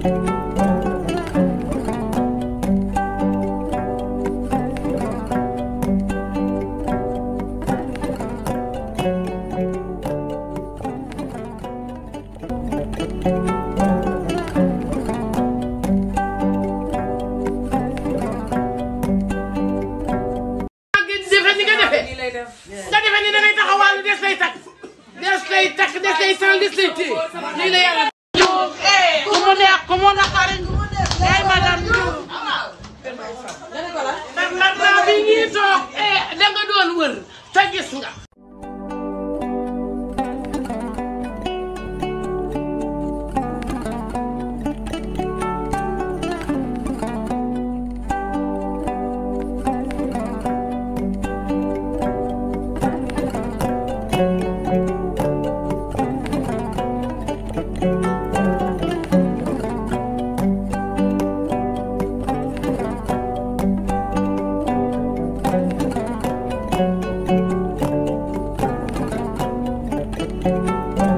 nga defe ni dangay taxawal des lay takk des lay takk des lay sal des lay téye lii la yàlla comment la xariñ yaay madame Diouf ndax ndax bi ngi toog eh doon wër te gis nga defe ni dangay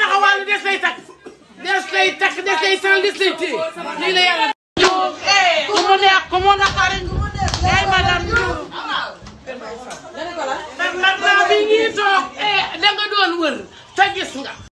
taxawal des lay takk des lay takk des lay sal des lay téye lii la yàlla mu neex ku doon wër te gis nga.